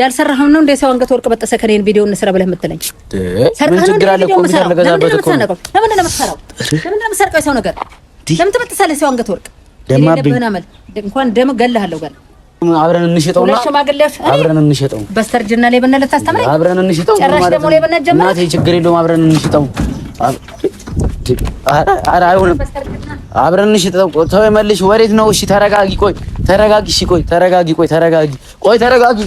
ያልሰራኸው ነው እንደ ሰው አንገት ወርቅ በጠሰ ከኔን ቪዲዮ እንስራ ብለህ የምትለኝ ምን ችግር አለ እኮ ምን አልገዛበት እኮ ለምን ነው ለምን ነው የምትሰርቀው ነገር ለምን ትበጥሳለህ ሰው አንገት ወርቅ ደማብኝ እንኳን ደም ገለሃለሁ ጋር አብረን እንሸጠውና አብረን እንሸጠው በስተርጅና ላይ ብነ ልታስተምረኝ አብረን እንሸጠው ጨራሽ ደግሞ ላይ ብነ ጀመረ እናቴ ችግር የለውም አብረን እንሸጠው ኧረ አይሆንም አብረን እንሽጠው ተው መልሽ ወዴት ነው እሺ ተረጋጊ ቆይ ተረጋጊ እሺ ቆይ ተረጋጊ ቆይ ተረጋጊ ቆይ ተረጋጊ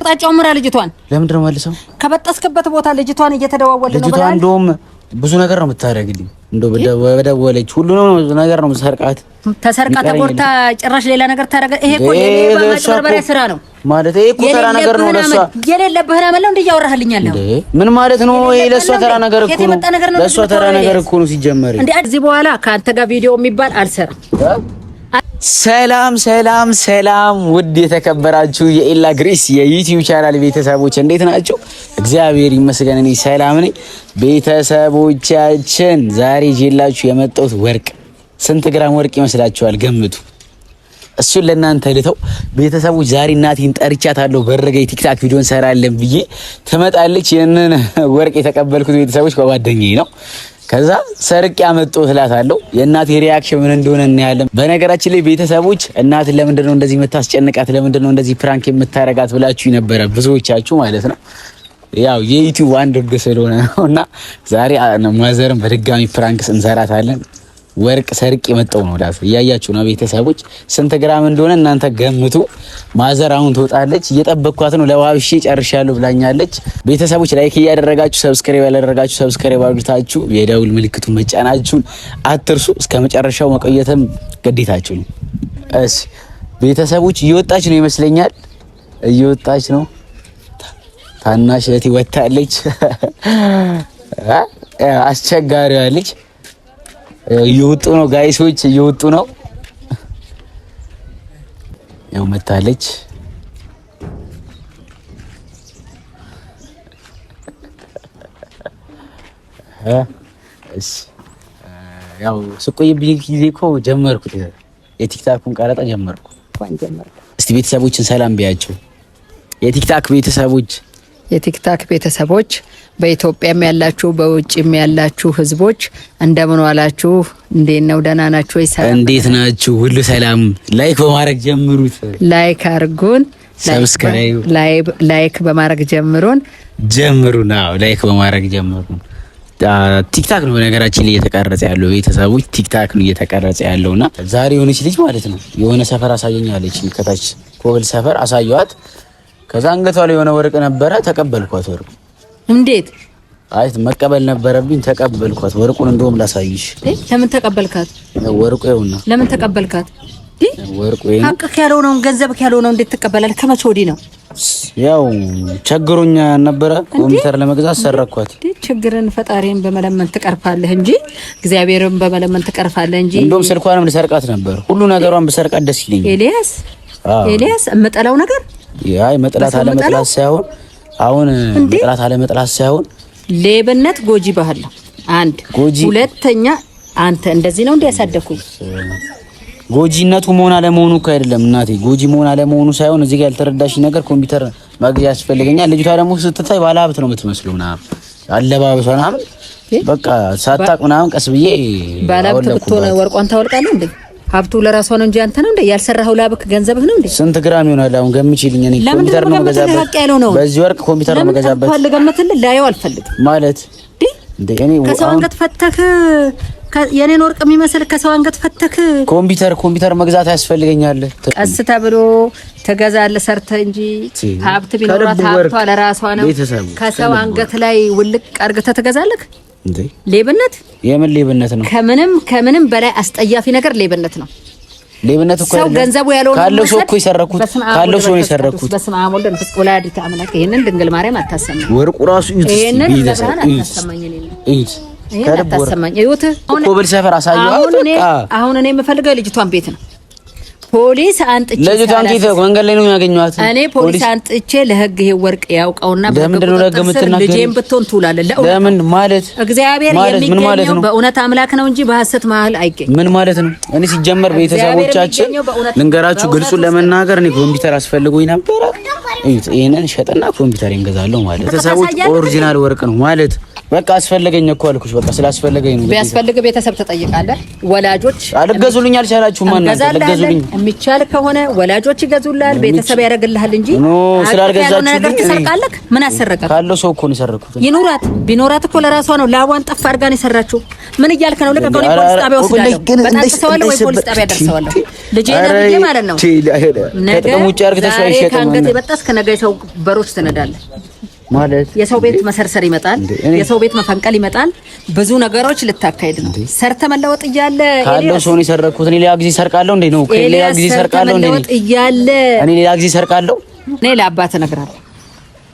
አቅጣጫው ምራ ልጅቷን ለምንድን ነው መልሰው ከበጠስክበት ቦታ ልጅቷን እየተደዋወለ ነው። ልጅቷ እንደውም ብዙ ነገር ነው የምታደርግልኝ። እንደው በደወለች ሁሉ ነው ብዙ ነገር ነው የምሰርቃት። ተሰርቃ ተቆርታ ጭራሽ ሌላ ነገር ታደርጋ። ይሄ እኮ የሌባ ማጭበርበሪያ ስራ ነው ማለት። ይሄ እኮ ተራ ነገር ነው ለሷ። የሌለብህን አመል ነው እንደ እያወራህልኝ ያለው ምን ማለት ነው? ይሄ ለሷ ተራ ነገር እኮ ነው። ለሷ ተራ ነገር እኮ ነው ሲጀመር። እንዴ እዚህ በኋላ ከአንተ ጋር ቪዲዮ የሚባል አልሰራም። ሰላም ሰላም ሰላም! ውድ የተከበራችሁ የኤላ ግሬስ የዩቲዩብ ቻናል ቤተሰቦች እንዴት ናቸው? እግዚአብሔር ይመስገን እኔ ሰላም ነኝ። ቤተሰቦቻችን ዛሬ ይዤላችሁ የመጣሁት ወርቅ ስንት ግራም ወርቅ ይመስላችኋል? ገምቱ። እሱን ለእናንተ ልተው። ቤተሰቦች ዛሬ እናቴን ጠርቻታለሁ። በረገ የቲክታክ ቪዲዮ እንሰራለን ብዬ ትመጣለች። ይህንን ወርቅ የተቀበልኩት ቤተሰቦች ከጓደኛዬ ነው ከዛ ሰርቅ ያመጡ ስላት አለው። የእናቴ ሪያክሽን ምን እንደሆነ እናያለን። በነገራችን ላይ ቤተሰቦች እናት ለምንድን ነው እንደዚህ የምታስጨንቃት? ለምንድን ነው እንደዚህ ፕራንክ የምታረጋት ብላችሁ ነበረ ብዙዎቻችሁ ማለት ነው። ያው የዩቲዩብ አንድ ህግ ስለሆነ ነውና ዛሬ ማዘርም በድጋሚ ፕራንክ እንሰራታለን። ወርቅ ሰርቅ የመጣው ነው። ዳስ እያያችሁ ነው ቤተሰቦች፣ ስንት ግራም እንደሆነ እናንተ ገምቱ። ማዘር አሁን ትወጣለች፣ እየጠበቅኳት ነው። ለዋብሼ ጨርሻለሁ ብላኛለች። ቤተሰቦች ላይክ እያደረጋችሁ ሰብስክራይብ ያላደረጋችሁ ሰብስክራይብ አድርጋችሁ የደውል ምልክቱ መጫናችሁን አትርሱ። እስከ መጨረሻው መቆየትም ግዴታችሁ ነው። እሺ ቤተሰቦች እየወጣች ነው ይመስለኛል፣ እየወጣች ነው። ታናሽ እህቴ ወጣለች፣ አስቸጋሪዋ ልጅ እየወጡ ነው ጋይሶች፣ እየወጡ ነው። ያው መታለች። እሺ ያው ስቆይብኝ ጊዜ እኮ ጀመርኩት፣ የቲክታኩን ቀረጣ ጀመርኩ። እስቲ ቤተሰቦችን ሰላም ቢያቸው የቲክታክ ቤተሰቦች የቲክታክ ቤተሰቦች በኢትዮጵያም ያላችሁ በውጭም ያላችሁ ህዝቦች እንደምን ዋላችሁ? እንዴት ነው? ደህና ናችሁ ወይ? ሰላም እንዴት ናችሁ? ሁሉ ሰላም። ላይክ በማድረግ ጀምሩት። ላይክ አርጉን፣ ሰብስክራይብ፣ ላይክ በማድረግ ጀምሩን። ጀምሩን። አዎ ላይክ በማድረግ ጀምሩን። ቲክታክ ነው ነገራችን ላይ እየተቀረጸ ያለው ቤተሰቦች፣ ቲክታክ ነው እየተቀረጸ ያለውና ዛሬ የሆነች ልጅ ማለት ነው የሆነ ሰፈር አሳየኛለች። ከታች ኮብል ሰፈር አሳየዋት ከዛ አንገቷ ላይ የሆነ ወርቅ ነበረ፣ ተቀበልኳት። ወርቁ እንዴት አይ መቀበል ነበረብኝ፣ ተቀበልኳት። ወርቁን እንደውም ላሳይሽ። ለምን ተቀበልካት? ወርቁ ይኸውና። ለምን ተቀበልካት? ወርቁ ያለው ነው ያልሆነውን ያለው ነው። እንዴት ትቀበላለህ? ከመቼ ወዲህ ነው? ያው ቸግሮኛ ነበረ፣ ኮምፒውተር ለመግዛት ሰረኳት። ችግርን ፈጣሪን በመለመን ትቀርፋለህ እንጂ እግዚአብሔርን በመለመን ትቀርፋለህ እንጂ። እንደውም ስልኳንም ልሰርቃት ነበር። ሁሉ ነገሯን ብሰርቃት ደስ ይለኛል። ኤልያስ ኤልያስ፣ የምጠላው ነገር አይ መጥላት አለ መጥላት ሳይሆን አሁን መጥላት አለ መጥላት ሳይሆን ሌብነት ጎጂ ባህል ነው። አንድ ጎጂ ሁለተኛ፣ አንተ እንደዚህ ነው እንዲያሳደኩኝ ጎጂነቱ መሆን አለመሆኑ እኮ አይደለም እናቴ፣ ጎጂ መሆን አለመሆኑ ሳይሆን እዚህ ጋር ያልተረዳሽ ነገር ኮምፒውተር መግዣ ያስፈልገኛል። ልጅቷ ደግሞ ስትታይ ባለ ሀብት ነው የምትመስለው ምናምን አለባበሷ ምናምን በቃ ሳታቅ ምናምን ቀስ ብዬ ባለ ሀብት ብትሆን ወርቋን ታወልቃለህ እንዴ? ሀብቱ ለራሷ ነው እንጂ አንተ ነው እንዴ ያልሰራኸው? ላብክ ገንዘብህ ነው እንዴ? ስንት ግራም ይሆናል? አሁን ገምችልኝ። እኔ ኮምፒውተር ነው መገዛበት ነው። በዚህ ወርቅ ኮምፒውተር ነው መገዛበት ልገምትልህ፣ ላየው አልፈልግም ማለት እንዴ? እኔ ከሰው አንገት ፈተክ የኔን ወርቅ የሚመስል ከሰው አንገት ፈተክ። ኮምፒውተር ኮምፒውተር መግዛት ያስፈልገኛል። ቀስ ተብሎ ትገዛለህ ሰርተህ እንጂ ሀብት ቢኖራት ሀብቷ ለራሷ ነው። ከሰው አንገት ላይ ውልቅ አርግተህ ትገዛለህ። ሌብነት የምን ሌብነት ነው? ከምንም ከምንም በላይ አስጠያፊ ነገር ሌብነት ነው። ሌብነት እኮ ገንዘቡ ያለው ካለው ሰው እኮ የሰረኩት ካለው ሰው ነው የሰረኩት። በስመ አብ ወልድ ይሄንን ድንግል ማርያም አታሰማኝ። ወርቁ ራሱ ይሄንን አታሰማኝ። እዩት ኮብል ሰፈር አሳየው። አሁን እኔ አሁን እኔ የምፈልገው የልጅቷን ቤት ነው ፖሊስ አንጥቼ ልጅቷን ኬት መንገድ ላይ ነው ያገኘኋት። እኔ ፖሊስ አንጥቼ ለህግ ይሄ ወርቅ ያውቀውና ለምንድን ነው ለህግ የምትናገሪው? ልጄን ብትሆን ትውላለህ። ለምን ማለት እግዚአብሔር የሚገኘው በእውነት አምላክ ነው እንጂ በሐሰት መሀል አይገኝም። ምን ማለት ነው? እኔ ሲጀመር ቤተሰቦቻችን ልንገራችሁ፣ ግልጹን ለመናገር እኔ ኮምፒውተር አስፈልጎኝ ነበረ። ይሄንን ሸጥና ኮምፒውተር እንገዛለሁ ማለት ቤተሰቦች ኦሪጂናል ወርቅ ነው ማለት በቃ አስፈለገኝ እኮ አልኩሽ። በቃ ስላስፈለገኝ ነው። ቢያስፈልግ ቤተሰብ ትጠይቃለህ። ወላጆች አልገዙልኝ አልቻላችሁ ማን ነው አልገዙልኝ። የሚቻል ከሆነ ወላጆች ይገዙልሃል፣ ቤተሰብ ያደርግልሃል እንጂ ኖ ስላልገዛችሁ ነገር ትሰርቃለህ። ምን አሰረቀ ካለው ሰው እኮ ነው የሰረኩት። ይኑራት ቢኖራት እኮ ለራሷ ነው። ላቧን ጠፍ አድርጋ ነው የሰራችው። ምን እያልክ ነው? ለቀቀው ፖሊስ ጣቢያ ወስዳለሁ። በታሰዋለሁ ወይ ፖሊስ ጣቢያ ደርሰዋለሁ። ልጄ ነብዬ ማለት ነው። ነገ ከአንገት የበጠስክ ነገ ሰው በሮች ትነዳለህ። ማለት የሰው ቤት መሰርሰር ይመጣል፣ የሰው ቤት መፈንቀል ይመጣል። ብዙ ነገሮች ልታካሄድ ነው። ሰርተ መለወጥ እያለ ካለው ሰው ነው የሰረኩት። እኔ ሌላ ጊዜ ሰርቃለሁ እንዴ ነው ሌላ ጊዜ ሰርቃለሁ እንዴ እያለ እኔ ሌላ ጊዜ ሰርቃለሁ። እኔ ለአባት እነግራለሁ፣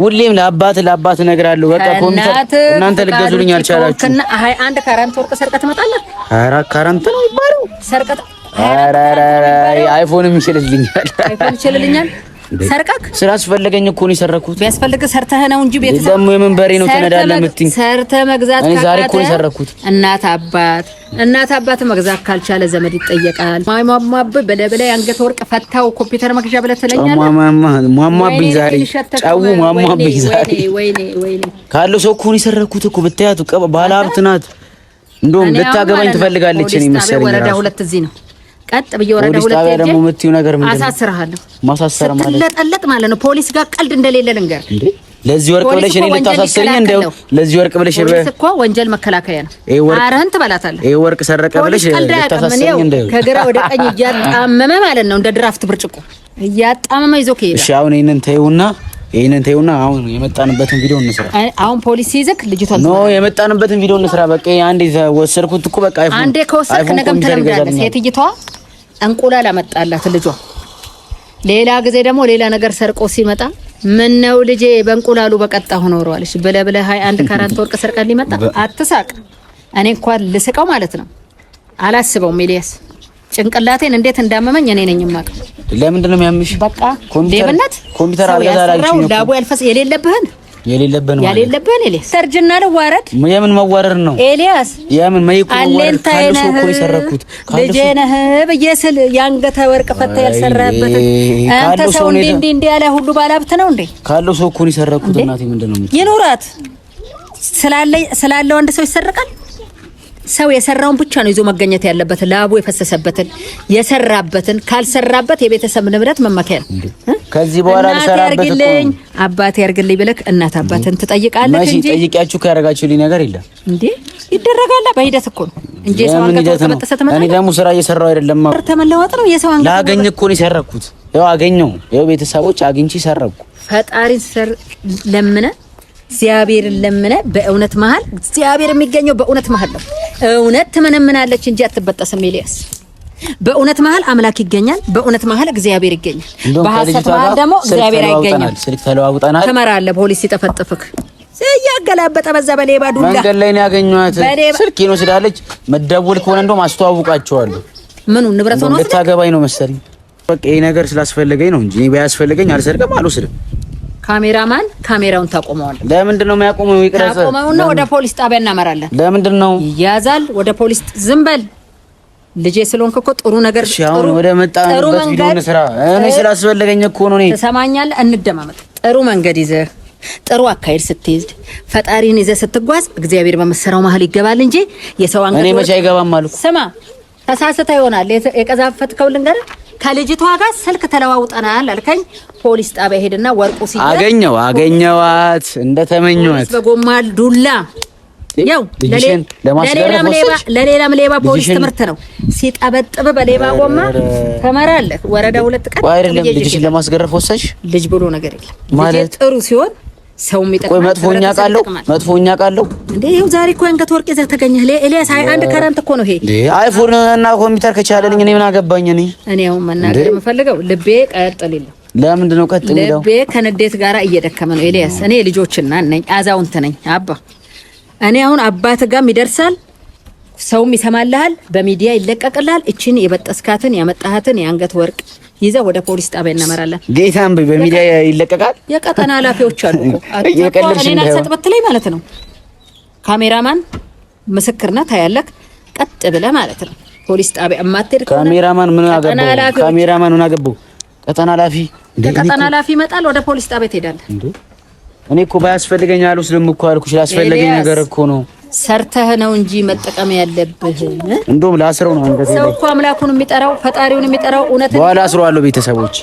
ሁሌም ለአባት ለአባት እነግራለሁ። በቃ ኮምፒውተር እናንተ ልገዙልኝ አልቻላችሁ። እና 21 ካራንት ወርቅ ሰርቀ ትመጣለህ። 24 ካራንት ነው የሚባለው ሰርቀ አይፎንም ይችልልኛል፣ አይፎን ይችልልኛል ሰርቀክ ስራ አስፈለገኝ እኮ ነው የሰረኩት። ቢያስፈልግ ሰርተህ ነው እንጂ ቤተሰብ ደግሞ የመንበሬ ነው ተነዳለህ የምትይኝ ሰርተህ መግዛት ካቃተህ ዛሬ እኮ ነው የሰረኩት። እናት አባት እናት አባት መግዛት ካልቻለ ዘመድ ይጠየቃል። ማማማብ ብለህ ብለህ የአንገት ወርቅ ፈታው ኮምፒውተር መግዣ ብለህ ትለኛለህ። ማማማብኝ ዛሬ ጫው ማማብኝ ዛሬ ካለው ሰው እኮ ነው የሰረኩት እኮ ብታያት፣ ባለ ሀብት ናት። እንደውም ልታገባኝ ትፈልጋለች። እኔ መሰለኝ ወረዳ ሁለት እዚህ ነው ቀጥ ብዬ ወረዳ ሁለት ጊዜ ሄጄ የምትይው ነገር ምንድን ነው? አሳስርሃለሁ። ማሳሰር ማለት ስትለጠለጥ ማለት ነው። ፖሊስ ጋር ቀልድ እንደሌለ ልንገር። ለዚህ ወርቅ ብለሽ እኔ ልታሳስሪኝ? እንደው ለዚህ ወርቅ ብለሽ ፖሊስ እኮ ወንጀል መከላከያ ነው። አረህን ትበላታለህ። ይሄ ወርቅ ሰረቀ ብለሽ ልታሳስሪኝ? እንደው ከግራ ወደ ቀኝ እያጣመመ ማለት ነው እንደ ድራፍት ብርጭቆ እያጣመመ ይዞ ከሄደ እሺ፣ አሁን ይሄንን ተይውና ይሄንን ተይውና አሁን የመጣንበትን ቪዲዮ እንስራ። አሁን ፖሊስ ይዘክ ልጅቷን ኖ የመጣንበትን ቪዲዮ እንስራ። በቃ አንዴ ወሰድኩት እኮ በቃ አይፎን አንዴ ከወሰድክ ነገም ተለምዳለህ ሴትየዋ እንቁላል አመጣላት ልጇ። ሌላ ጊዜ ደግሞ ሌላ ነገር ሰርቆ ሲመጣ ምን ነው ልጄ በእንቁላሉ በቀጣ ሆኖ ኖረዋለች ብለህ ብለህ ሀይ አንድ ካራት ወርቅ ሰርቀን ሊመጣ አትሳቅ። እኔ እንኳን ልስቀው ማለት ነው አላስበውም። ኤልያስ ጭንቅላቴን እንዴት እንዳመመኝ እኔ ነኝ ማቅ። ለምንድን ነው የሚያምሽ? በቃ ኮምፒውተር ኮምፒውተር አልገዛላችሁ ነው ላቡ ያልፈስ የሌለብህን የሌለብን ያሌለብን ኤልያስ ሰርጅና ነው ዋረድ። የምን መዋረድ ነው ኤልያስ? የምን መይቆዋረድ ካልሶ እኮ የሰረኩት ልጄ ነህ ብዬ ስል የአንገተ ወርቅ ፈታ ያልሰራበት አንተ ሰው እንዴ እንዴ እንዴ ያለ ሁሉ ባላብት ነው እንዴ? ካለው ሰው እኮ ነው የሰረኩት። እናቴ ምንድነው ይኖራት ስላለ ስላለ ወንድ ሰው ይሰርቃል። ሰው የሰራውን ብቻ ነው ይዞ መገኘት ያለበት። ላቡ የፈሰሰበትን የሰራበትን፣ ካልሰራበት የቤተሰብ ንብረት መመኪያ ነው። ከዚህ በኋላ ያርግልኝ አባቴ ያርግልኝ ብለህ እናት አባትን ትጠይቃለህ እንጂ ማሽ ጠይቂያችሁ ካደረጋችሁልኝ ነገር የለም እንዴ? ይደረጋል በሂደት እኮ ነው እንጂ ሰው አንገቱ ተበጠሰ ተመጣጣኝ። እኔ ደግሞ ስራ እየሰራው አይደለም፣ ተመለወጥ ነው የሰው አንገቱ ላገኝ እኮ ነው የሰረኩት። ያው አገኘው፣ ያው ቤተሰቦች አግኝቼ ሰረኩ። ፈጣሪን ሰር ለምነ እግዚአብሔርን ለምነ በእውነት መሀል እግዚአብሔር የሚገኘው በእውነት መሀል ነው። እውነት ትመነምናለች እንጂ አትበጠስም። ኤልያስ በእውነት መሀል አምላክ ይገኛል። በእውነት መሀል እግዚአብሔር ይገኛል። በሐሰት መሀል ደግሞ እግዚአብሔር አይገኝም። ስልክ ተለዋውጠናል። ትመራለህ ፖሊስ ሲጠፈጥፍክ እያገላበጠ በዛ በሌባ ዱላ መንገድ ላይ ነው ያገኘኋት። ስልኬን ወስዳለች። መደወል ከሆነ እንደውም አስተዋውቃቸዋለሁ። ምኑ ንብረት ነው ልታገባኝ ነው መሰለኝ። በቃ ይሄ ነገር ስላስፈለገኝ ነው እንጂ ባያስፈልገኝ አልሰርቅም፣ አልወስድም ካሜራማን ካሜራውን ታቆመዋል። ለምንድን ነው የሚያቆመው? ይቅረጽ። ታቆመውና ወደ ፖሊስ ጣቢያ እናመራለን። ለምንድን ነው ይያዛል? ወደ ፖሊስ ዝም በል ልጄ ስለሆንክ እኮ ጥሩ ነገር ጥሩ ወደ መጣንበት ቪዲዮ እንስራ። እኔ ስላስፈለገኝ እኮ ነው። እኔ ትሰማኛለህ? እንደማመጥ ጥሩ መንገድ ይዘ ጥሩ አካሄድ ስትይዝ ፈጣሪን ይዘ ስትጓዝ እግዚአብሔር በምትሰራው መሀል ይገባል እንጂ የሰው አንገት እኔ መቼ አይገባም አልኩ። ስማ ተሳስተህ ይሆናል የቀዛፈትከው ልንገርህ ከልጅቷ ጋር ስልክ ተለዋውጠናል አልከኝ። ፖሊስ ጣቢያ ሄድና ወርቁ ሲ አገኘው አገኘዋት እንደተመኘዋት በጎማል ዱላ ያው ለሌላም ሌባ ፖሊስ ትምህርት ነው። ሲጠበጥብ በሌባ ጎማ ተመራለህ። ወረዳ ሁለት ቀን ልጅሽን ለማስገረፍ ወሰንሽ። ልጅ ብሎ ነገር የለም ማለት ጥሩ ሲሆን ሰው የሚጠቅመው መጥፎኛ ቃለው መጥፎኛ ቃለው እንዴ! ይኸው ዛሬ እኮ አንገት ወርቅ ዘር ተገኘህ። ኤልያስ አይ አንድ ከረንት እኮ ነው ይሄ እንዴ! አይፎን እና ኮምፒውተር ከቻለልኝ እኔ ምን አገባኝ? እኔ እኔ አሁን መናገር የምፈልገው ልቤ ቀጥል ይለው። ለምንድን ነው ቀጥል ይለው? ልቤ ከንዴት ጋራ እየደከመ ነው ኤልያስ። እኔ ልጆችና ነኝ አዛውንት ነኝ አባ። እኔ አሁን አባት ጋም ይደርሳል ሰውም ይሰማልሃል፣ በሚዲያ ይለቀቅልሃል። እቺን የበጠስካትን ያመጣሃትን የአንገት ወርቅ ይዘ ወደ ፖሊስ ጣቢያ እናመራለን። ጌታም በሚዲያ ይለቀቃል። የቀጠና ኃላፊዎች አሉ። እኔን አልሰጥ በትለኝ ማለት ነው። ካሜራማን ምስክርና ታያለክ። ቀጥ ብለ ማለት ነው። ፖሊስ ጣቢያ የማትሄድ ካሜራማን ምን አገባው? ካሜራማን ምን አገባው? ቀጠና ኃላፊ ቀጠና ኃላፊ ይመጣል። ወደ ፖሊስ ጣቢያ ትሄዳለህ። እኔ እኮ ባያስፈልገኝ አልወስድም እኮ አልኩሽ። ላስፈለገኝ ነገር እኮ ነው ሰርተህ ነው እንጂ መጠቀም ያለብህ። እንደውም ላስረው ነው አንገት ሰው እኮ አምላኩን የሚጠራው ፈጣሪውን የሚጠራው እውነትን በኋላ አስረዋለሁ። ቤተሰቦች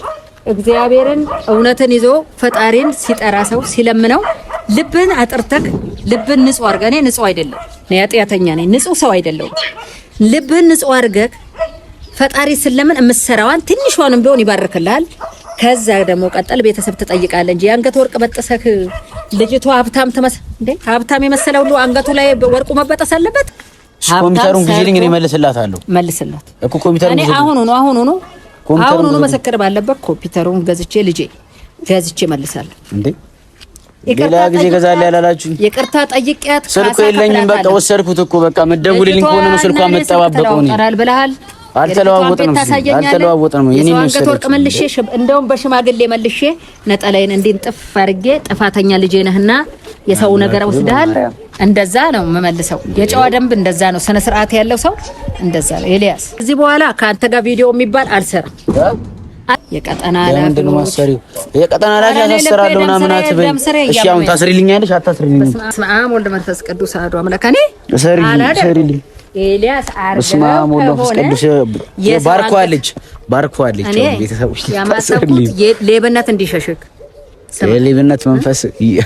እግዚአብሔርን እውነትን ይዞ ፈጣሪን ሲጠራ ሰው ሲለምነው ልብን አጥርተህ ልብን ንጹህ አድርገህ እኔ ንጹህ አይደለም እኔ ኃጢአተኛ ነኝ፣ ንጹህ ሰው አይደለሁም። ልብን ንጹህ አድርገህ ፈጣሪ ስለምን እምትሰራዋን ትንሿንም ቢሆን ይባርክልሃል። ከዛ ደግሞ ቀጠል ቤተሰብ ትጠይቃለህ እንጂ የአንገት ወርቅ በጥሰህ ልጅቱ ሀብታም ትመስ እንዴ? ሀብታም የመሰለ ሁሉ አንገቱ ላይ ወርቁ መበጠስ አለበት? ኮምፒውተሩን ግዢልኝ፣ እኔ መልስላታለሁ። መልስላት እኮ ኮምፒውተሩን ግዢልኝ። አሁኑ ነው አሁኑ ነው አሁኑ ነው መሰከር ባለበት ኮምፒውተሩን ገዝቼ ልጄ ገዝቼ መልሳለሁ። እንዴ ሌላ ጊዜ ገዛለሁ ያላላችሁኝ፣ ይቅርታ ጠይቂያት። ስልኩ የለኝም በቃ ወሰድኩት እኮ በቃ መደውልልኝ ከሆነ ነው ስልኳ መጠባበቀው ነው ብለሃል። አልተለዋወጥንም አልተለዋወጥንም። አንገት ወርቅ መልሼ እንደውም በሽማግሌ መልሼ ነጠላይን እንዲን ጥፍ አድርጌ ጥፋተኛ ልጄ ነህና የሰው ነገር ወስደሃል። እንደዛ ነው የምመልሰው። የጨዋ ደንብ እንደዛ ነው። ስነ ስርዓት ያለው ሰው እንደዛ ነው። ኤልያስ እዚህ በኋላ ከአንተ ጋር ቪዲዮ የሚባል አልሰራም። የቀጠና ኃላፊ ነው ምናምን አትበይ። እሺ አሁን ታስሪልኛለሽ አታስሪልኝም? በስመ አብ ወልድ መንፈስ ቅዱስ አሐዱ አምላክ እኔ እሰሪልኝ እሰሪልኝ ኤልያስ አርገው ባርኳለች ባርኳለች። ቤተሰቦች ሌብነት እንዲሸሽግ የሌብነት መንፈስ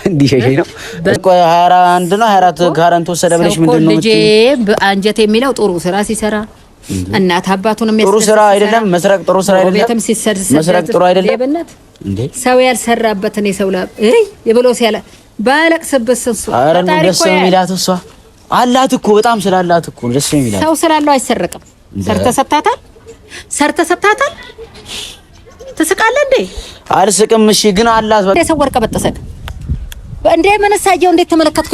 እንዲሸሸኝ ነው። ሀያ አንድ ነው ሀያ አራት ካረንት ወሰደ ብለሽ ምንድን ነው ልጄ አንጀት የሚለው ጥሩ ስራ ሲሰራ እናት አባቱን ጥሩ ስራ አይደለም መስረቅ ጥሩ ስራ አይደለም መስረቅ ጥሩ አይደለም። ሌብነት ሰው ያልሰራበትን የሰው ላ ብሎ ሲያለ ባለቅስበት ስንሱ ኧረ ደስ የሚላት እሷ አላት እኮ በጣም ስላላት እኮ ደስ የሚላል ሰው ስላለው አይሰረቅም። ሰርተ ሰጥታታል፣ ሰርተ ሰጥታታል። ትስቃለህ እንዴ? አልስቅም። እሺ ግን አላት በቃ ሰው ወርቀ በጠሰቅ እንዴ ምን መነሳየው እንዴት ተመለከትኩ።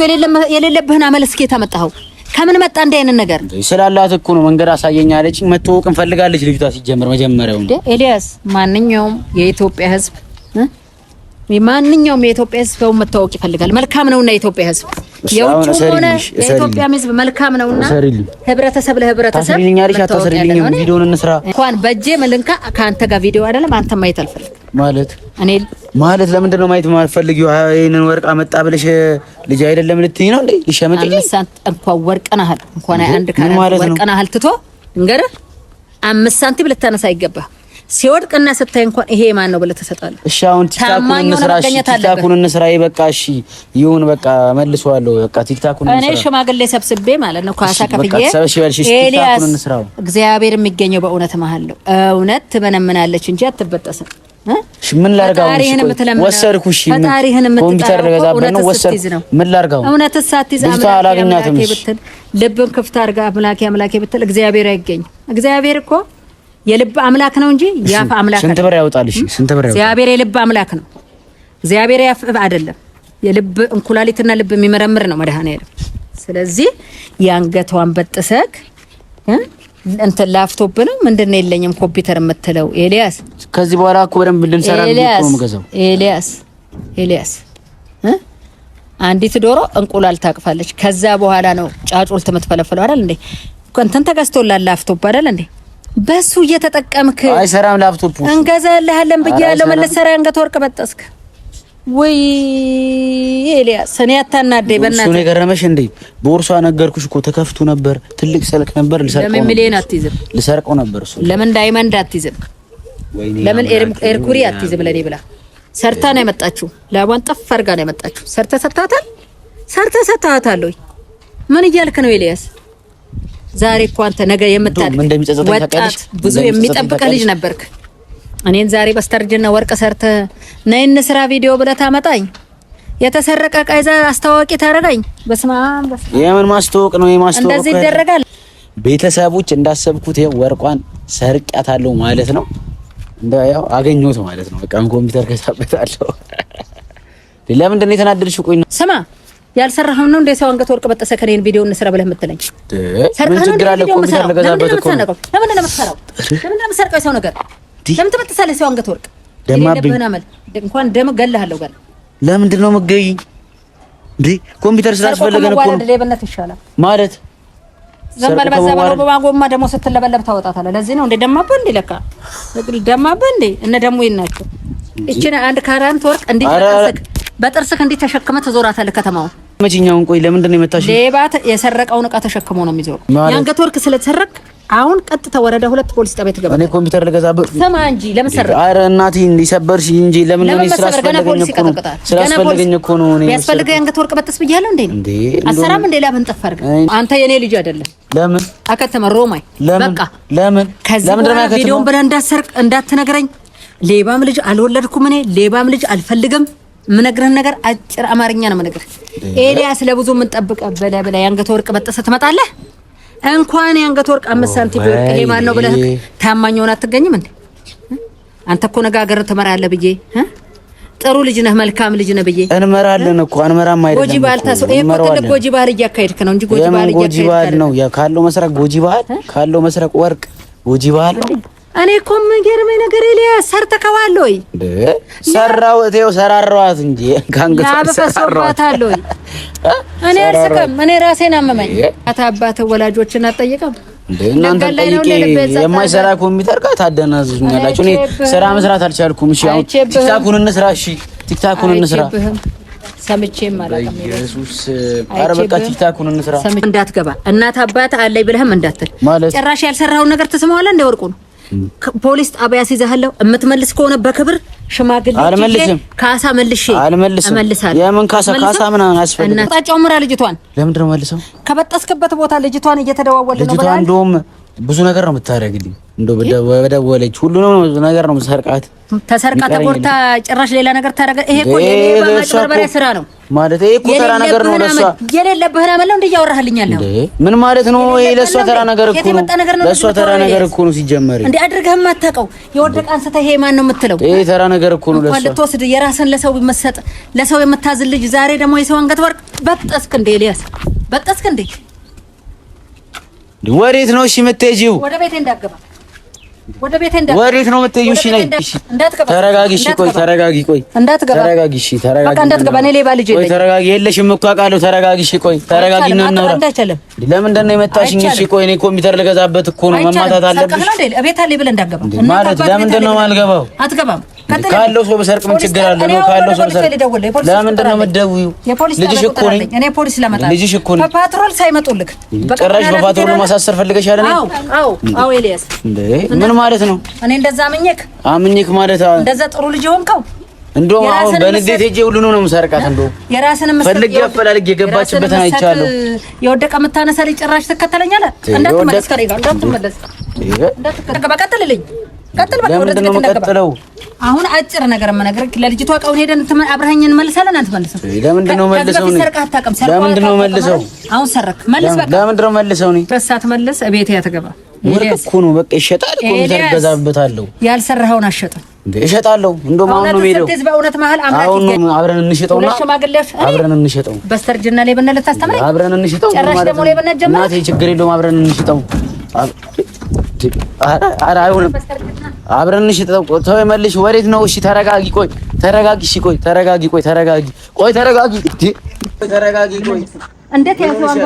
የሌለብህን አመል እስኪ የታመጣኸው ከምን መጣ? እንደ አይነት ነገር ስላላት እኮ ነው። መንገድ አሳየኝ አለችኝ። መተዋወቅ እንፈልጋለች ልጅቷ። ሲጀምር መጀመሪያው እንደ ኤልያስ ማንኛውም የኢትዮጵያ ሕዝብ ማንኛውም የኢትዮጵያ ህዝብ ሰው መታወቅ ይፈልጋል። መልካም ነውና የኢትዮጵያ ህዝብ የውጭ ሆነ የኢትዮጵያ ህዝብ መልካም ነውና ህብረተሰብ ለህብረተሰብ እንኳን በእጄ መልንካ ከአንተ ጋር ቪዲዮ አይደለም አንተ ማየት አልፈልግም ማለት እኔ ማለት ለምንድን ነው ማየት የማትፈልጊው? ይህንን ወርቅ አመጣ ብለሽ ልጅ አይደለም ልትይ ነው እንዴ? ይሸመጭ አምስት እንኳን ወርቅ ናህል እንኳን አንድ ካለ ወርቅ ናህል ትቶ እንገረ አምስት ሳንቲም ልታነሳ አይገባ ሲወድቅ እና ስታይ እንኳን ይሄ ማን ነው ብለህ ትሰጣለህ። እሺ አሁን ቲክታኩን እንስራ፣ እሺ ቲክታኩን እንስራ። በቃ እሺ ይሁን፣ በቃ መልሰዋለሁ። በቃ ቲክታኩን እንስራ። እኔ ሽማግሌ ሰብስቤ ማለት ነው ካሳ ከፍዬ በቃ ቲክታኩን ኤልያስ፣ እግዚአብሔር የሚገኘው በእውነት መሀል ነው። እውነት ትመነምናለች እንጂ አትበጠስም። ምን ላርጋው? ወሰድኩ። እሺ ኮምፒውተር ገዛበት ነው ወሰድኩ። ምን ላርጋው? እውነት ሳትይዝ አምላኬ ብትል፣ ልብን ክፍት አድርጋ አምላኬ አምላኬ ብትል እግዚአብሔር አይገኝ። እግዚአብሔር እኮ የልብ አምላክ ነው እንጂ የአፍ አምላክ ስንት ብር ያወጣል? እሺ ስንት ብር እግዚአብሔር የልብ አምላክ ነው። እግዚአብሔር ያፍ አይደለም። የልብ እንኩላሊትና ልብ የሚመረምር ነው መድኃኔዓለም። ስለዚህ የአንገቷን በጥሰክ እንትን ላፍቶፕ ነው ምንድን ነው የለኝም ኮምፒውተር የምትለው ኤልያስ፣ ከዚህ በኋላ እኮ በደንብ ልንሰራ ነው። ኤልያስ ኤልያስ አንዲት ዶሮ እንቁላል ታቅፋለች። ከዛ በኋላ ነው ጫጩልት የምትፈለፈለው አይደል እንዴ? እንትን ተገዝቶላል ላፍቶፕ አይደል እንዴ? በሱ እየተጠቀምክ አይሰራም። ላፕቶፕ እንገዛልሃለን ብያለሁ። መለሰራ አንገት ወርቅ በጠስክ። ወይ ኤልያስ፣ እኔ አታናደኝ በእናትህ። እሱ የገረመሽ እንዴ? ቦርሷ ነገርኩሽ እኮ ተከፍቱ ነበር። ትልቅ ስልክ ነበር። ለምን ሚሊዮን አትይዝም? ልሰርቀው ነበር እሱ። ለምን ዳይመንድ አትይዝም? ለምን ኤርኩሪ አትይዝም? ለኔ ብላ ሰርታ ነው የመጣችሁ። ላቧን ጠፍ አድርጋ ነው የመጣችሁ። ሰርተ ሰጥታታል፣ ሰርተ ወይ ምን እያልክ ነው ኤልያስ? ዛሬ እኮ አንተ ነገ የምታድግ ወጣት ብዙ የሚጠብቀ ልጅ ነበርክ። እኔን ዛሬ በስተርጅና ወርቅ ሰርተ ነይ እንስራ ቪዲዮ ብለህ ታመጣኝ፣ የተሰረቀ ዕቃ ይዘህ አስተዋዋቂ ታደርጋኝ። በስመ አብ! የምን ማስተዋወቅ ነው? የማስተዋወቅ እንደዚህ ይደረጋል? ቤተሰቦች እንዳሰብኩት ይሄ ወርቋን ሰርቂያታለሁ ማለት ነው። እንደ ያው አገኘሁት ማለት ነው። በቃ ኮምፒውተር ከሳበታለሁ። ለምንድን ነው የተናደድሽው? ቆይ ነው ስማ ያልሰራኸው ነው እንደ ሰው አንገት ወርቅ በጠሰ ከኔን ቪዲዮ እንስራ ብለህ የምትለኝ ሰርቀህ ነው እንደ ቪዲዮ የምትሰራው? ለምንድን ነው የምትሰነቀው? ለምንድን ነው የምትሰራው? ለምንድን ነው ነገር ለምን ትበጥሳለህ? ሰው አንገት ወርቅ እንኳን ደም ገላሃለሁ ጋር ለምንድን ነው የምትገኝ ኮምፒውተር ስላስፈለገ ነው ሌብነት ይሻላል ማለት ዝም ደግሞ ስትለበለብ ታወጣታለህ። ለዚህ ነው እንደ ደማብህ እንደ ለካ ደማብህ እንደ እነ ደሞ ይናቸው እቺን አንድ ካራንት ወርቅ እንዴት በጥርስክ እንዴት ተሸክመህ ትዞራታለህ ከተማውን መጂኛውን ቆይ፣ ለምንድን ነው የመታሽ? ሌባ የሰረቀውን እቃ ተሸክሞ ነው የሚዞሩ። የአንገት ወርቅ ስለተሰረቅ አሁን ቀጥታ ወረዳ ሁለት ፖሊስ ጣቢያ ትገባ። እኔ ኮምፒውተር ልገዛ ስማ እንጂ ለምን ሰረቅ? አረ እናቴ እንዲሰበርሽ እንጂ ለምን ነው ስላስፈለገኝ እኮ ነው። ነው። እኔ ያስፈልገ የአንገት ወርቅ በጥስ ብያለሁ እንዴ? እንዴ አሰራም እንዴ ለምን ጠፈርግ አንተ የኔ ልጅ አይደለም። ለምን አከተመ ሮማይ? በቃ ለምን ለምን ደማ ከዚህ ቪዲዮን ብለህ እንዳትሰርቅ እንዳትነግረኝ። ሌባም ልጅ አልወለድኩም እኔ ሌባም ልጅ አልፈልግም። የምነግርህን ነገር አጭር አማርኛ ነው የምነግርህ። ኤልያስ ለብዙ የምንጠብቀህ ብለህ ብለህ የአንገት ወርቅ በጠሰ ትመጣለህ። እንኳን የአንገት ወርቅ አምስት ሳንቲም ወርቅ ይሄ ማን ነው ብለህ ታማኝ ሆነህ አትገኝም እንዴ? አንተ እኮ ነገ ሀገር ትመራለህ ብዬ ጥሩ ልጅ ነህ፣ መልካም ልጅ ነህ ብዬ እንመራለን እኮ አንመራም። አይደለም ጎጂ ባህል ታሰው ይሄ እኮ ትልቅ ጎጂ ባህል እያካሄድክ ነው እንጂ ጎጂ ባህል እያካሄድክ ነው። ካለው መስረቅ ጎጂ ባህል ካለው መስረቅ ወርቅ ጎጂ ባህል እኔ እኮ የሚገርመኝ ነገር ኤልያስ ሰርተከዋል ወይ? ሰራው እቴው ሰራራዋት እንጂ ካንገት ሰራራዋታል ወይ? እኔ አልስቅም። እኔ ራሴን አመመኝ። አታ አታባት ወላጆችን አትጠይቅም። እናንተ ጠይቄ የማይሰራ ኮምፒውተር ጋር ታደናዝዙኛላችሁ። እኔ ስራ መስራት አልቻልኩም። እሺ አሁን ቲክታኩን እንስራ። እሺ ቲክታኩን እንስራ። ሰምቼም አላውቅም። ኢየሱስ ኧረ በቃ ቲክታኩን እንስራ። እንዳትገባ እናት አባት አለኝ ብለህም እንዳትል ጭራሽ ያልሰራኸውን ነገር ትስመዋለህ። እንደ ወርቁ ነው ፖሊስ ጣቢያ ሲዘህለው የምትመልስ ከሆነ በክብር ሽማግሌ አልመልስም፣ ካሳ መልሼ አልመልስም። የምን ካሳ ካሳ ምናምን አስፈልግም። አቅጣጫው ምራ ልጅቷን ለምንድን ነው መልሰው ከበጠስክበት ቦታ ልጅቷን እየተደዋወልን ነው። እንደውም ብዙ ነገር ነው የምታደርግልኝ እንዶ በደወለች ሁሉ ነው ነገር ነው ሰርቃት ተሰርቃ ተቆርታ ጭራሽ ሌላ ነገር ታረገ። ይሄ እኮ የማጭበርበሪያ ስራ ነው ማለት ይሄ እኮ ተራ ነገር ነው ለሷ። የሌለብህን አመል ነው እንደ እያወራህልኝ አለ። ምን ማለት ነው ይሄ? ለሷ ተራ ነገር እኮ ነው፣ ለሷ ተራ ነገር እኮ ነው። ሲጀመር እንዴ አድርገህ የማታውቀው የወደቀ አንስተ ይሄ ማን ነው የምትለው? ይሄ ተራ ነገር እኮ ነው ለሷ። ልትወስድ የራስን ለሰው መሰጥ ለሰው የምታዝ ልጅ ዛሬ ደግሞ የሰው አንገት ወርቅ በጠስክ እንደ ኤልያስ በጠስክ እንደ ወዴት ነው እሺ የምትሄጂው? ወደ ቤቴ እንዳገባ ወደ ቤቴ እንዳትገባ። ወዴት ነው የምትሄጂው? እሺ ነይ። እሺ ተረጋጊ። እሺ ቆይ ተረጋጊ። ቆይ እንዳትገባ። ተረጋጊ። እሺ ተረጋጊ። በቃ እንዳትገባ። እኔ ሌባ ልጅ የለኝም። ተረጋጊ። የለሽም እኮ አውቃለሁ። ተረጋጊ። እሺ ቆይ ተረጋጊ። ለምንድን ነው የመጣሽኝ? እሺ ቆይ እኔ ኮምፒውተር ልገዛበት እኮ ነው። መማታት አለብሽ ማለት። ለምንድን ነው የማልገባው? አትገባም ካለው ሰው በሰርቅ ምን ችግር አለ? ነው ካለው ሰው በሰርቅ ለምንድን ነው የምትደውይው? ልጅሽ እኮ ነኝ እኔ ፖሊስ ለመጣ ልጅሽ እኮ ነኝ። ፓትሮል ሳይመጡልክ ጭራሽ በፓትሮል ማሳሰር ፈልገሽ አይደል? አዎ አዎ አዎ። ኤልያስ እንዴ ምን ማለት ነው? እኔ እንደዛ አምኜክ አምኜክ ማለት እንደዛ ጥሩ ልጅ ሆንከው። እንደውም አሁን በንዴት ሄጄ ሁሉ ነው የምሰርቃት። እንደውም የራስን መስል ፈልግ ያፈላልግ የገባችበትን አይቻለሁ። የወደቀ የምታነሳ ልጅ ጭራሽ ትከተለኛለህ? እንዳትመለስ ከእኔ ጋር እንዳትመለስ፣ እንዳትከተል በቀጥልልኝ ቀጥል በቃ ወደ ቀጥለው። አሁን አጭር ነገር መነገር ለልጅቷ እቃውን ሄደን አብረኸኝ እንመልሳለን። አንትመልስም። ለምንድን ነው መልሰው? ሰርቀህ አታውቅም። ለምንድን ነው መልሰው? አሁን ሰረክ መልስ። በቃ ለምንድን ነው መልሰው? አትመልስ። እቤት ያተገባ ወርቅ እኮ ነው። በቃ ይሸጣል እኮ ነው። ገዛበታለሁ። ያልሰራኸውን አሸጠ እሸጣለሁ። እንደውም አሁን ነው የምሄደው። በእውነት መሀል አሁን አብረን እንሸጠውና ሽማግሌዎች አብረን እንሸጠው። በስተርጅና ላይ በእነ ልታስተምረኝ አብረን እንሸጠው። ጭራሽ ደግሞ ላይ በእነ ጀመረ። እናቴ ችግር የለውም አብረን እንሸጠው። ኧረ አይሆንም አብረንሽ ተው መልሽ። ወዴት ነው? እሺ ተረጋጊ። ቆይ ተረጋጊ። እሺ ቆይ ተረጋጊ። ቆይ ተረጋጊ። ቆይ ተረጋጊ። ቆይ ተረጋጊ። ቆይ እንዴት ያለው ይመለስ እኔ በዚህ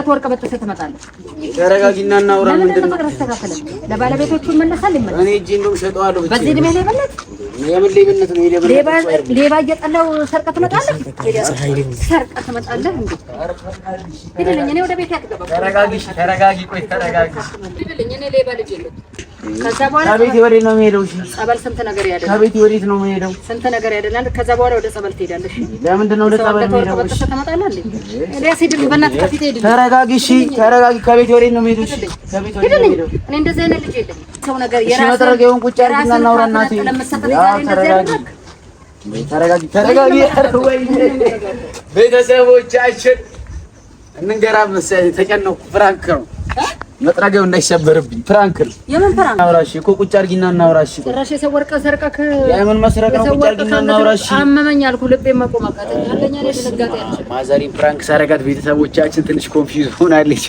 ሌባ ሌባ እንዴ ተረጋጊ። ከዛ በኋላ ከቤቴ ወዴት ነው የምሄደው? እሺ ጸበል ስንት ነገር ያደላል። ከቤቴ ወዴት ነው የምሄደው? ስንት ነገር ያደላል። ከዛ በኋላ ወደ ጸበል ትሄዳለሽ። ለምንድን ነው ወደ ጸበል የምሄደው? ተረጋጊ። እሺ ተረጋጊ። ከቤቴ ወዴት ነው የምሄደው? ከቤቴ ወዴት ነው የምሄደው? እኔ እንደዚህ አይነት ልጅ የለኝም። ሰው ነገር የራስህን ቁጭ አድርጊና እናውራ እናቴ። ተረጋጊ ተረጋጊ። ቤተሰቦቻችን እንንገራ መሰለኝ ተጨነኩ። ፍራንክ ነው መጥረጊያው እንዳይሰበርብኝ ፕራንክ የምን ፕራንክ አውራሽ እኮ ቁጭ አድርጊና እናውራሽ። ጭራሽ የሰወርቀ ሰርቀክ የምን መስረቅ ነው? ቁጭ አድርጊና እናውራሽ። አመመኝ አልኩ ልቤ መቆም አቃተኝ። አንደኛ ላይ ድንጋጤ ያለሽ ማዘሪን ፕራንክ ሳረጋት ቤተሰቦቻችን ትንሽ ኮንፊውዝ ሆናለች።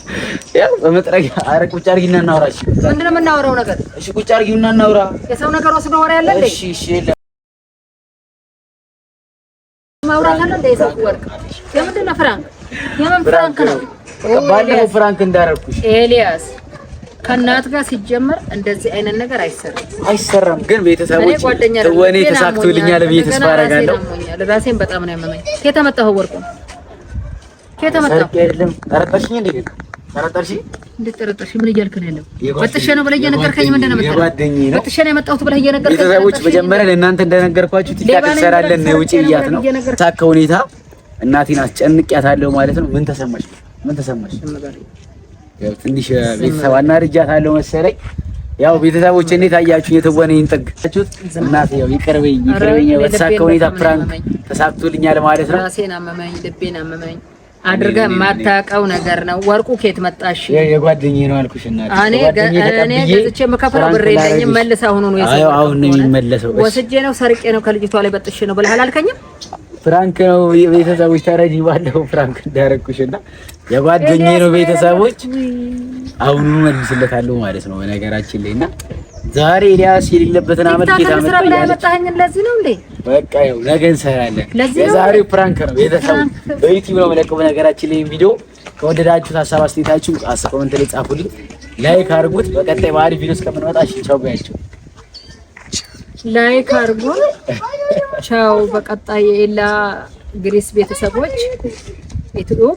ያው በመጥረጊያ አረ ቁጭ አድርጊና እናውራሽ። ምንድን ነው የምናወራው ነገር? እሺ ቁጭ አድርጊና እናውራ። የሰው ነገር ወስዶ ወሬ ያለ እንዴ? እሺ እሺ ማውራት አለ እንደ የሰው ወርቅ የምንድን ነው ፕራንክ የምን ፍራንክ ነው? ባለፈው ፍራንክ እንዳረኩሽ ኤልያስ ከእናት ጋር ሲጀመር እንደዚህ አይነት ነገር አይሰራም አይሰራም። ግን ቤተሰቦች ወኔ ተሳክቶልኛል ብዬ ተስፋ አደርጋለሁ። ራሴን በጣም ነው ያመመኝ። ከተመጣሁ ወርቁ ከተመጣሁ ነው ነው ነው ሁኔታ እናቴን አስጨንቄያታለሁ ማለት ነው። ምን ተሰማሽ? ምን ተሰማሽ? ያው ትንሽ ቤተሰብ አናድጃታለሁ መሰለኝ። ያው ቤተሰቦች እንዴት አያችሁ? የተወነ ይንጠግ አችሁት እናቴ ያው ይቅርበኝ፣ ይቅርበኝ። በተሳካ ሁኔታ ፕራንክ ተሳክቶልኛል ማለት ነው። ራሴን አመመኝ፣ ልቤን አመመኝ። አድርገ የማታውቀው ነገር ነው። ወርቁ ኬት መጣሽ? የጓደኝ ነው አልኩሽ። እናት እኔ ገዝቼ የምከፍለው ብር የለኝም። መልስ አሁኑ ነው የሰው አሁን ነው የሚመለሰው። ወስጄ ነው ሰርቄ ነው ከልጅቷ ላይ በጥሽ ነው ብለሃል አልከኝም? ፍራንክ ነው የቤተሰቦች ተረጂ ባለው ፍራንክ እንዳረግኩሽና የጓደኝ ነው ቤተሰቦች አሁኑ መልስለታለሁ ማለት ነው ነገራችን ላይና ዛሬ ኤልያስ የሌለበትን አመት ጌታ መስራ ብላ ያመጣኝ ለዚህ ነው እንዴ? በቃ ይኸው ነገ እንሰራለን። የዛሬው ፕራንክ ነው ቤተሰብ። በዩቲዩብ ነው መለቀው። በነገራችን ላይ ቪዲዮ ከወደዳችሁት ሀሳብ አስተያየታችሁ ኮመንት ላይ ጻፉልኝ፣ ላይክ አድርጉት። በቀጣይ በአሪፍ ቪዲዮ እስከምንመጣ ቻው ብያቸው፣ ላይክ አድርጉ። ቻው። በቀጣይ የኤላ ግሪስ ቤተሰቦች ኢትዮጵያ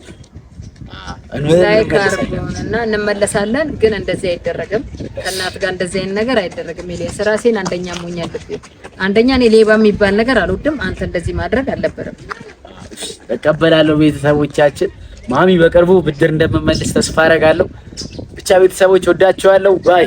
እና እንመለሳለን። ግን እንደዚህ አይደረግም። ከእናት ጋር እንደዚህ አይነት ነገር አይደረግም። ኤልያስ ራሴን አንደኛ ሞኝ አለብኝ። አንደኛ እኔ ሌባ የሚባል ነገር አልወድም። አንተ እንደዚህ ማድረግ አልነበረም። እቀበላለሁ። ቤተሰቦቻችን ማሚ፣ በቅርቡ ብድር እንደምመልስ ተስፋ አደርጋለሁ። ብቻ ቤተሰቦች ወዳቸዋለሁ። ባይ